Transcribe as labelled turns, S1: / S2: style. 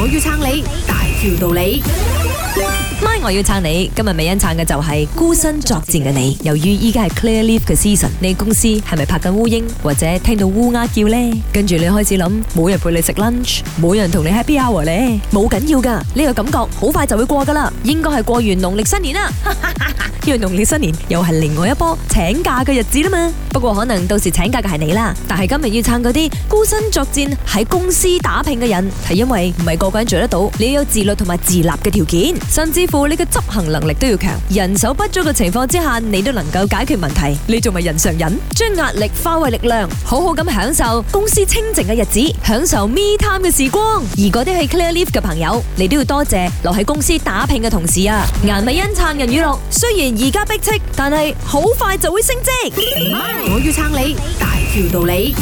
S1: 我要撐你，
S2: 大條道理。我要撐你，今日美欣撐嘅就係孤身作戰嘅你。由於依家係 Clear Leaf 嘅 season，你公司係咪拍緊烏蠅或者聽到烏鴉叫呢？跟住你開始諗，冇人陪你食 lunch，冇人同你 happy hour 你冇緊要噶，呢個感覺好快就會過噶啦。應該係過完農曆新年啦，因為農曆新年又係另外一波請假嘅日子啦嘛。不過可能到時請假嘅係你啦。但係今日要撐嗰啲孤身作戰喺公司打拼嘅人，係因為唔係個個人做得到，你有自律同埋自立嘅條件，甚至乎你，嘅執行能力都要強，人手不足嘅情況之下，你都能夠解決問題，你仲係人上人，將壓力化為力量，好好咁享受公司清靜嘅日子，享受 me time 嘅時光。而嗰啲係 clear leave 嘅朋友，你都要多謝留喺公司打拼嘅同事啊！顏美欣撐人語錄，雖然而家逼斥，但係好快就會升職。我要撐你，
S3: 大條道理。